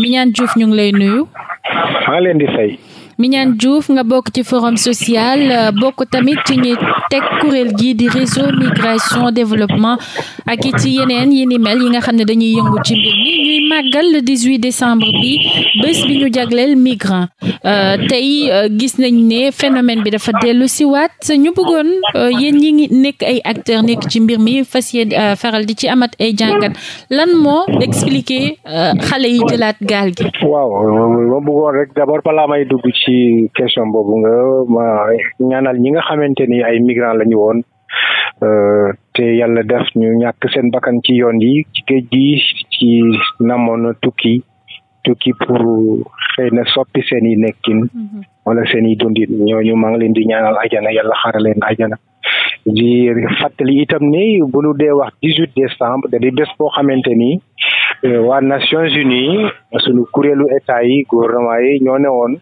Mignane Diouf ñu lay nuyu. maa leen di fay. Mignane Diouf nga bokk ci forum social euh, bokk tamit ci ñuy teg kuréel gii di réseau migration développement ak it ci yeneen yi ni mel yi nga xam ne dañuy yëngu ci mbir mi ñuy màggal le 18 décembre bi bés bi ñu jagleel migrant euh, tey euh, gis nañ ne phénomène bi dafa dellu si waat ñu bëggoon yéen ñi ngi nekk ay acteurs nekk ci mbir mi fas yéen faral di ci amat ay jàngat lan moo expliquer xale yi jëlaat gaal gi. waaw ma bëggoon rek d'abord balaa may dugg ci ci question boobu nga ma ñaanal ñi nga xamante ni ay migrants lañu ñu woon euh, te yàlla def ñu ñàkk seen bakkan ci yoon yi ci géej gi ci namoon tukki tukki pour xëy na soppi seeni nekkin mhm. wala seen i dundin ñooñu maa ngi leen di ñaanal ajana yàlla xaaral leen ajana di itam ni bu ñu dee wax dix huit décembre da di boo xamante ni euh, waa Nations Unies suñu kuréelu état yi gouvernement yi ñoo ne woon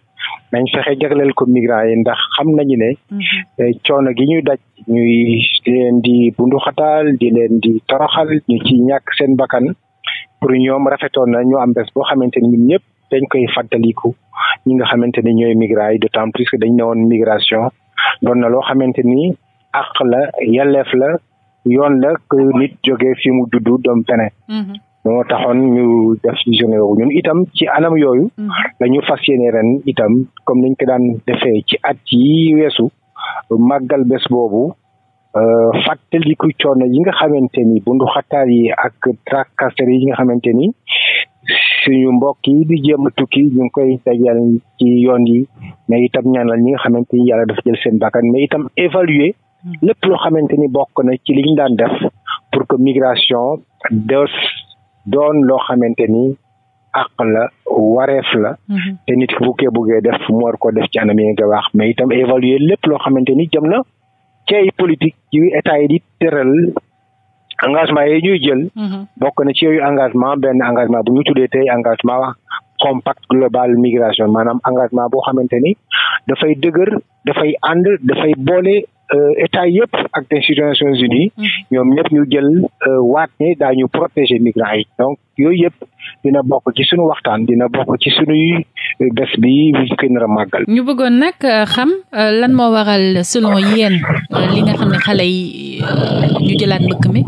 nañ fexe jagleel ko migrants yi ndax xam nañu ne mhm. eh, coono gi ñuy daj ñuy di leen di bunduxataal di leen di toroxal ñu ci ñàkk seen bakkan pour ñoom rafetoon na ñu am bés boo xamante ni ñun ñëpp dañ koy fàttaliku ñi nga xamante ni ñooy migrants yi de plus que dañ ne woon migration doon na loo xamante ni àq la yelleef la yoon la que nit jógee fi mu juddu doom feneen mhm. moo taxoon ñu def visionnaire wu ñun itam ci anam yooyu mm. la ñu fas yéene ren itam comme niñ ko daan defee ci at yi weesu màggal bés boobu euh, fàttaliku coono yi nga xamante ni bundu xataal yi ak tracasserie yi nga xamante ni suñu mbokk yi di jéem a tukki ñu koy dajal ci yoon yi mais itam ñaanal ñi nga xamante ni yàlla dafa jël seen bakkan mais itam évaluer mm. lépp loo xamante ni bokk na ci liñ daan def pour que migration des doon loo xamante ni àq la wareef la. Mhm. te nit ki bu kee buggee def mu war ko def ci anam yi nga wax mais itam évaluer lépp loo xamante ni jëm na ci ay politique yu état yi di tëral. engagement ye ñuy jël. Mhm. bokk na ci yooyu engagement benn engagement bu ñu tuddee tey engagement compact global migration maanaam engagement boo xamante ni dafay dëgër dafay ànd dafay boole Euh, état yëpp ak institution Nations Unies mhm. Mhm. ñoom ñëpp ñu jël euh, waat ne daañu protéger migrants yi donc yooyu yëpp dina bokk ci suñu waxtaan dina bokk ci suñuy euh, bés bi bi nar a màggal ñu bëggoon nag xam lan moo waral selon yéen li nga xam ne xale yi ñu jëlaat mbëkk mi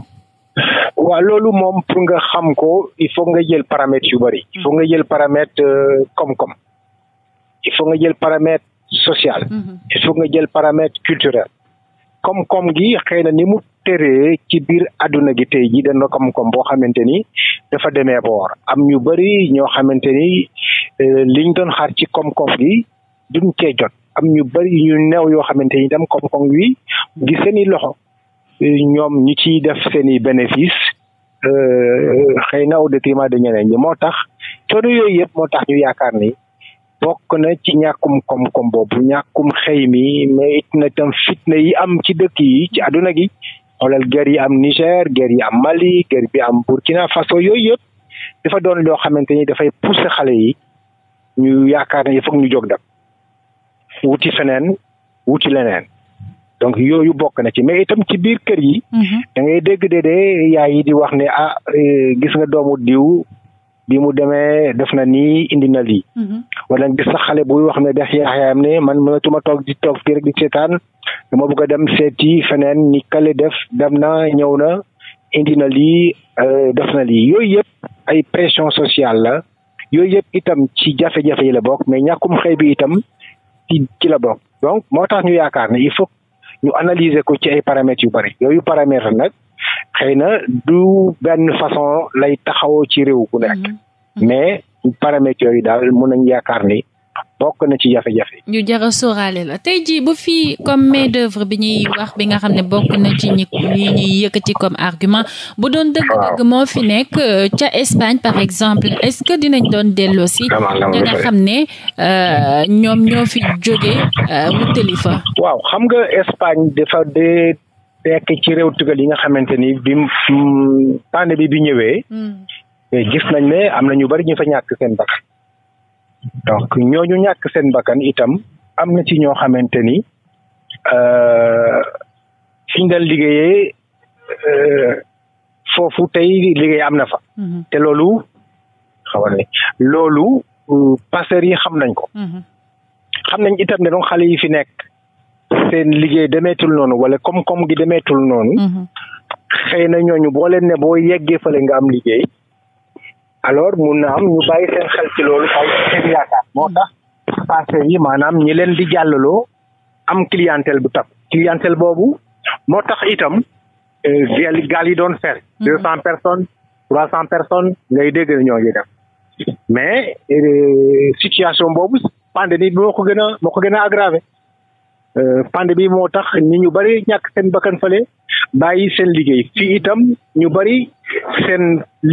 waaw loolu moom pour nga xam ko il foog nga jël paramètres yu bëri il faut nga jël paramètre koom-koom il faut nga jël paramètre social mhm. il faut nga jël paramètre culturel koom-koom gi xëy na ni mu tëree ci biir àdduna gi tey jii dana koom-koom boo xamante ni dafa demee boor am ñu bëri ñoo xamante ni euh, liñ doon xaar ci koom-koom gi duñ cee jot am ñu bëri ñu néew yoo xamante ni dam koom-koom wi gi seeni loxo euh, ñoom ñi ciy def seeni bénéfice euh, xëy na au détriment de ñeneen moo tax coono yooyu yëpp moo tax ñu yaakaar ni bokk na ci ñàkkum koom-koom boobu ñàkkum xëy mi mais it na tam fitna yi am ci dëkk yi ci adduna gi xoolal ger yi am Niger ger yi am Mali ger bi am Burkina Faso yooyu yëpp dafa doon loo xamante ni dafay pousser xale yi ñu yaakaar ne foog ñu jóg dab wuti feneen wuti leneen donc yooyu bokk na ci mais itam ci biir kër yi mhm. da ngay dégg déedee yaay yi di wax ne ah eh, gis nga doomu diw bi mu demee def na nii indi na lii. Mhm. wala gis sax xale buy wax ne def yaaxaayam ne man mënatuma toog di toog fii rek di seetaan dama bëgg a dem seeti feneen ni kale def dem na ñëw na indi na lii euh, def na lii yooyu yëpp ay pression sociale la yooyu yëpp itam ci jafe-jafe yi la bokk mais ñàkkum xëy bi itam ci ci la bokk donc moo tax ñu yaakaar ne il faut ñu analyser ko ci ay paramètres yu bari yooyu paramètres nag. xëy na du benn façon lay taxawoo ci réew ku nekk mm-hmm. Mm-hmm. mais paramètres yooyu daal mun nañ yaakaar ni bokk na ci jafe-jafe. yu jar a sóoraale la tey jii bu fi comme mais d'œuvre bi ñuy wax bi nga xam ne bokk na ci ñi ñuy yëkkati comme argument bu doon dëgg-dëgg moo fi nekk euh, ca Espagne par exemple est-ce que dinañ doon delloo si ña nga xam ne euh, ñoom ñoo fi jóge euh, wutali fa. waaw xam nga Espagne dafa dee tekk ci réew tugal yi nga xamante ni bi pandémie bi bi ñëwee hmm. gis nañ ne am na ñu bari ñu fa ñàkk seen bakkan donc ñooñu ñàkk seen bakkan itam am na ci ñoo xamante ni euh, fi ñu daan liggéeyee euh, foofu tey liggéey am na fa hmm. te loolu xamal ne loolu euh, passeurs yi xam nañ ko hmm. xam nañ itam ne donc xale yi fi nekk seen liggéey demeetul noonu wala koom-koom gi demeetul noonu. Mhm. xëy na ñooñu boo leen ne boo yeggee fële nga am liggéey. alors mun na am ñu bàyyi seen xel ci loolu bàyyi seen yaakaar moo tax passé yi maanaam ñi leen di jàllaloo am clientèle bu tap clientèle boobu moo tax itam euh, gal gaal yi doon fer mhm. deux cent personnes trois cent personnes ngay dégg ñoo ngi def mais euh, situation boobu pandémie bi moo ko gën moo ko gën a Euh, pandémie bi moo tax ñi ñu bëri ñàkk seen bakkan fale bàyyi seen liggéey fii itam ñu bëri seen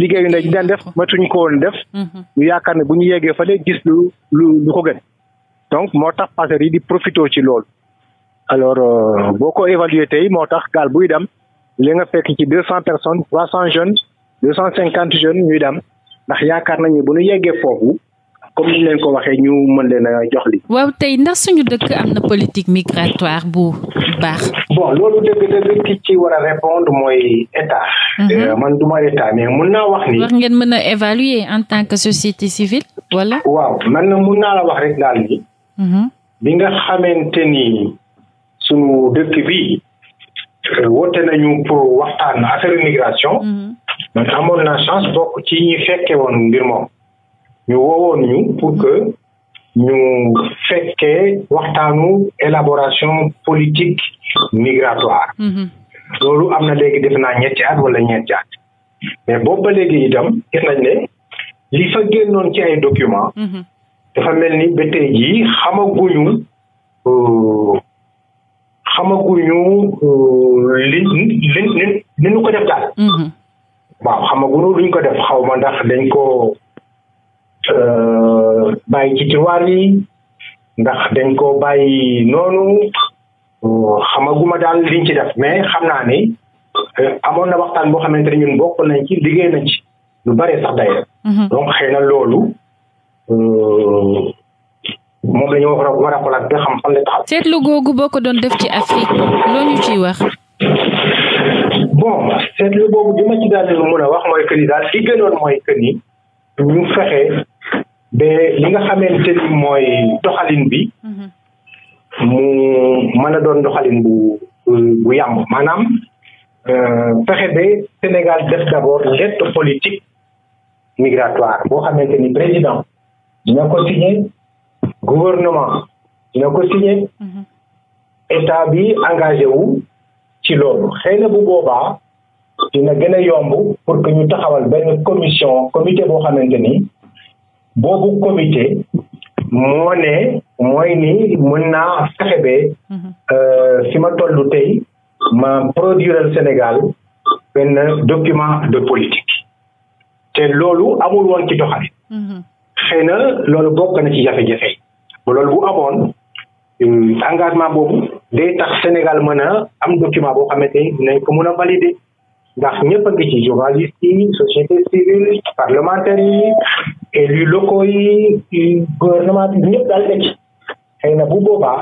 liggéey lañ daan def matuñ ko woon def mhm. ñu yaakaar ne bu ñu yeggee fale gis lu lu lu ko gën donc moo tax passagers yi di profité ci loolu alors euh, boo ko évalué tey moo tax gaal buy dem li nga fekk ci deux cent personnes trois cent jeunes deux cent cinquante jeunes ñuy dem ndax yaakaar nañu bu ñu yeggee foofu comme ni leen ko waxee ñu mën leen a jox li waaw tey ndax suñu dëkk am na politique migratoire bu baax. bo loolu dëgg-dëgg ki ci war a répondre mooy état. Mhm. Euh, man du ma état mais mun naa wax ni. war ngeen mën a évaluer en tant que société civile wala. waaw man mun naa la wax rek daal ni. Mhm. bi nga xamante ni suñu dëkk bi euh, woote nañu pour waxtaan affaire migration. Mhm. man amoon naa chance bokk ci ñi fekke woon mbir moom. ñu woowoon ñu pour que ñu fekkee waxtaanu élaboration politique migratoire. Mhm. loolu am na léegi def naa ñetti at wala ñeenti mais boobu ba léegi itam gis nañ ne li fa génnoon ci ay documents. Mhm. dafa mel ni ba tey jii xamaguñu euh, euh, li li li ñu ko def daal. Mhm. waaw xamaguñu luñ ko def xaw ma ndax dañ ko Euh, bàyyi ci tiwaan yi ndax dañ ko bàyyi noonu xamaguma daal liñ ci def mais xam naa ni euh, amoon na waxtaan boo xamante ne ñun bokk nañ ci liggéey nañ ci lu bare sax day mm-hmm. donc xëy na loolu euh, moom la ñu war a war a xoolaat ba xam fan la taxaw. seetlu googu boo ko doon def ci Afrique loo ñu ciy wax. bon seetlu boobu bi ci daal mën a wax mooy que ni daal li gënoon mooy que ni ñu fexe ba li nga xamante ni mooy doxalin bi mhm. mu mën a doon doxalin bu bu yàmb maanaam euh, fexe ba Sénégal def d'abord lettre politique migratoire boo xamante ni président dina ko signé gouvernement dina ko signé mhm. état bi engagé wu ci loolu xëy na bu boobaa dina gën a yomb pour que ñu taxawal benn commission comité boo xamante ni boobu comité moo ne mooy ni mën naa fexe ba mhm. euh, fi ma toll tey ma produire Sénégal benn document de politique te loolu amul woon ci doxali mhm. xëy na loolu bokk na ci jafe-jafe loolu bu amoon euh, engagement boobu day tax Sénégal mën a am document boo xamante ni dinañ ko mën a valider ndax ñëpp a ngi ci journalistes yi société civile parlementaires yi élus locaux yi gouvernement bi ñëpp daal nekk xëy na bu boobaa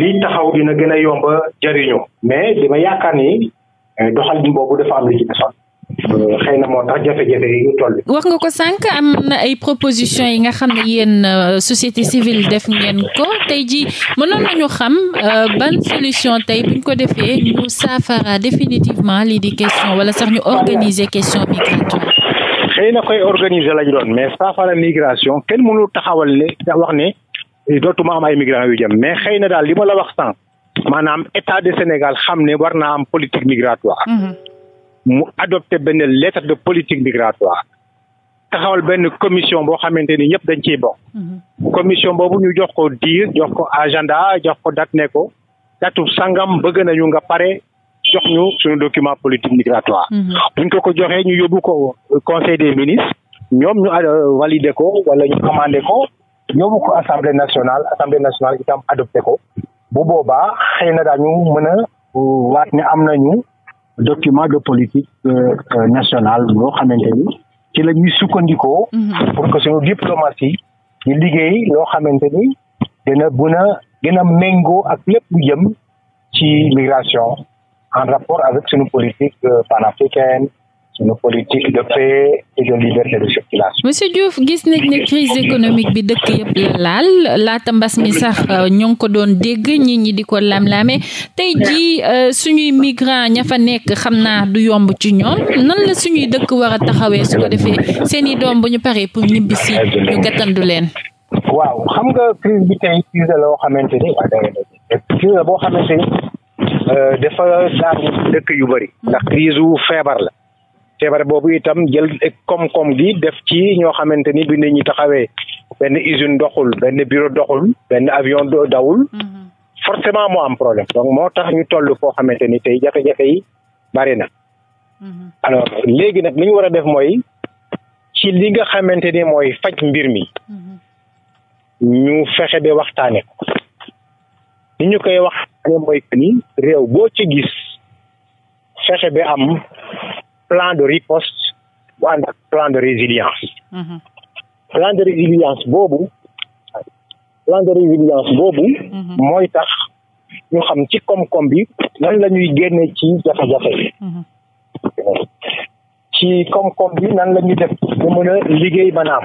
lii taxaw dina gën a yomba jëriñoo mais dama yaakaar ni eh, doxalin boobu dafa am lu ci xëy na moo tax jafe-jafe yi ñu toll. wax nga ko sànq am na ay proposition yi nga xam ne yéen euh, société civile def ngeen ko tey jii mënoon nañu xam euh, ban solution tey buñ ko defee ñu saafara définitivement lii di question wala sax ñu organiser question migratoire. xëy na koy organiser lañ doon mais saafara migration kenn mënul taxawal ne wax ne dootuma am ay migrants yu jëm mais xëy na daal li ma wax sànq maanaam état de Sénégal xam ne war naa am politique migratoire. Mm-hmm. mu adopté benn lettre de politique migratoire taxawal benn commission boo xamante ni ñëpp dañ ciy bokk. Mhm. commission boobu ñu jox ko diir jox ko agenda jox ko date ne ko datu sangam bëgg nañu nga pare jox ñu suñu document politique migratoire. Mhm. buñ ko ko joxee ñu yóbbu ko conseil des ministres ñoom ñu validé ko wala ñu commandé ko yóbbu ko assemblée nationale assemblée nationale itam adopté ko bu boobaa xëy na dañu mën a waat ne am nañu. document de politique euh, euh, nationale boo xamante ci la ñuy sukkandikoo. Mhm. pour que suñu diplomatie di liggéey loo xamante ni dina gën a gën a méngoo ak lépp lu jëm ci migration en rapport avec suñu politique euh, panafricaine une politique de gis nañ ne crise économique bi dëkk yëpp la laal laata mbas mi sax euh, ñoo ngi ko doon dégg ñi ñi di ko lam-laame tey jii euh, suñuy migrant ña fa nekk xam naa du yomb ci ñoom nan la suñuy dëkk war a taxawee su ko defee seen i doom bu ñu paree pour ñibbi ñu gàttandu leen. waaw xam nga crise bi tey crise la boo xamante ni ah, crise la boo euh, dëkk yu bari hmm. ndax crise feebar la. feebar boobu itam jël koom-koom gi def ci ñoo xamante ni bi nit ñi taxawee benn usine doxul benn bureau doxul benn avion dawul mm-hmm. forcément moo am problème donc moo tax ñu toll foo xamante ni tey jafe-jafe yi bari na mm-hmm. alors léegi nag li ñu war a def mooy ci li nga xamante ni mooy faj mbir mi mm-hmm. ñu fexe bi waxtaane ko ni ñu koy waxtaane mooy que ni réew boo ci gis fexe ba am plan de riposte bu ànd ak plan de résilience. Mhm. plan de résilience boobu plan de résilience boobu. Mhm. mooy tax ñu xam ci koom-koom bi lan la ñuy génne ci jafe-jafe yi. Mhm. ci koom-koom bi nan la ñuy def ba mën liggéey maanaam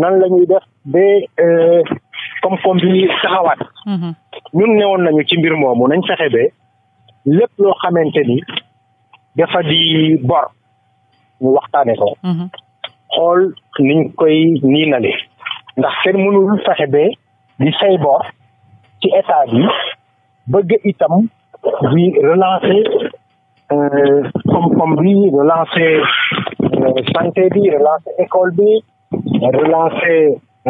nan lañuy ñuy def ba euh, koom-koom bi taxawaat. ñun newoon nañu ci mbir moomu nañ fexe ba lépp loo xamante ni. dafa di bor ñu waxtaane ko mm-hmm. xool niñ koy nii nale ndax kenn mënul fexe ba di say bor ci état bi bëgg itam di relancer euh, koom-koom bi relancer euh, santé bi relancer école bi relancer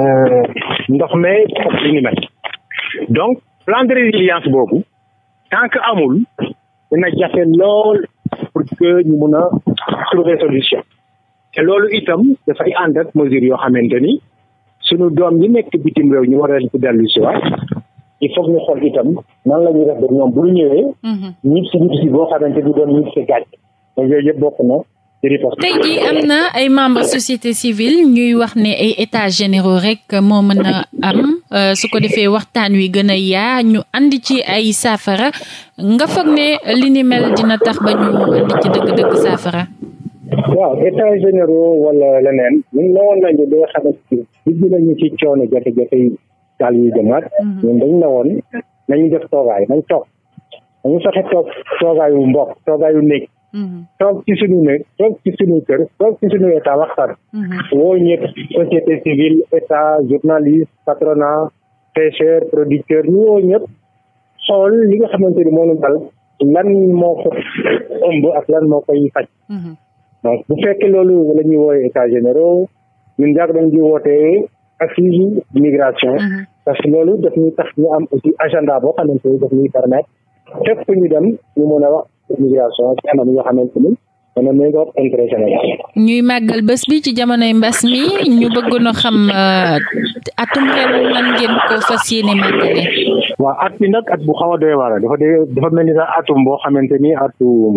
euh, ndox me ak li ni mel donc plan de résilience boobu tant amul dina jafe lool pour que ñu mun a trouver solution te loolu itam dafay ànd ak mesure yoo xamante ni suñu doom yi nekk bitim réew ñu war a ci dellu si waat il faut ñu xool itam nan la ñuy def ba ñoom bu ñu ñëwee. ñib si ñib si boo xamante ni doon ñib si gàcc. donc yooyu yëpp bokk na tey jii am na ay membre société civile ñuy wax ne ay états généraux rek moo mën a am euh, su ko defee waxtaan wi gën a yaa ñu andi ci ay saafara nga foog ne li dina tax ba ñu andi ci dëgg-dëgg saafara waaw états généraux wala leneen ñun newoon nañu mm-hmm. def toogaay nañ toog dañu fexe toog toogaayu mbokk toogaayu néeg Mm-hmm. toog ci suñu ne toog ci suñu kër toog ci suñu état waxtaan mm-hmm. woo ñëpp société civile état journaliste patronat pêcheur producteur ñu woo ñëpp xool li nga xamante ni moonu dal lan moo ko ëmb ak lan moo koy faj mm-hmm. donc bu fekkee loolu la ñuy wooye état généraux ñun jaag dañ di wootee assise migration parce que loolu daf ñuy tax ñu am aussi agenda boo xamante ni daf ñuy permettre fépp ñu dem ñu mën a wax migration ci anam yoo xamante ni dana méngoo intérêt Sénégal ñuy màggal bés bi ci jamonoy mbas mi ñu bëggoon a xam euh, atum ren lan ngeen ko fas yéene màggale waaw at bi nag at bu xaw a doy dafa de dafa mel ni sax atum boo xamante ni atum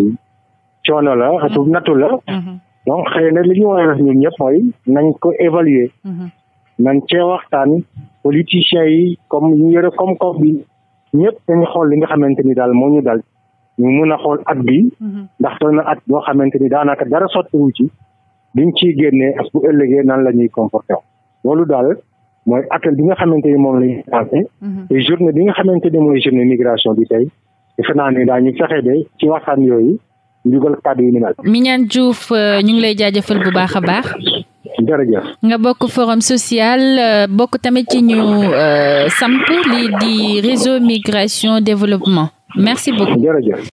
coono la atum mhm. nattu la mhm. donc xëy na li ñu war a def ñun ñëpp mooy nañ ko évaluer mhm. nañ cee waxtaan politiciens yi comme comme bi ñëpp dañu xool li nga xamante ni daal moo ñu daal ñu mun a xool at bi mhm. ndax ni daanaka dara sottiwu ci liñ ciy génnee ak bu ëllëgee nan la ñuy comporté loolu daal mooy appel bi nga xamante ni moom lañu lancé mhm. te journée bi nga ni mooy journée migration bi tey defe naa ne daañu fexe de ci waxtaan yooyu njugal kàddu yi ni mel Mignane Diouf euh, ñu ngi lay jaajëfal bu baax a baax jërëjëf nga bokk forum social euh, bokk tamit ci ñu euh, samp lii di réseau migration développement merci beaucoup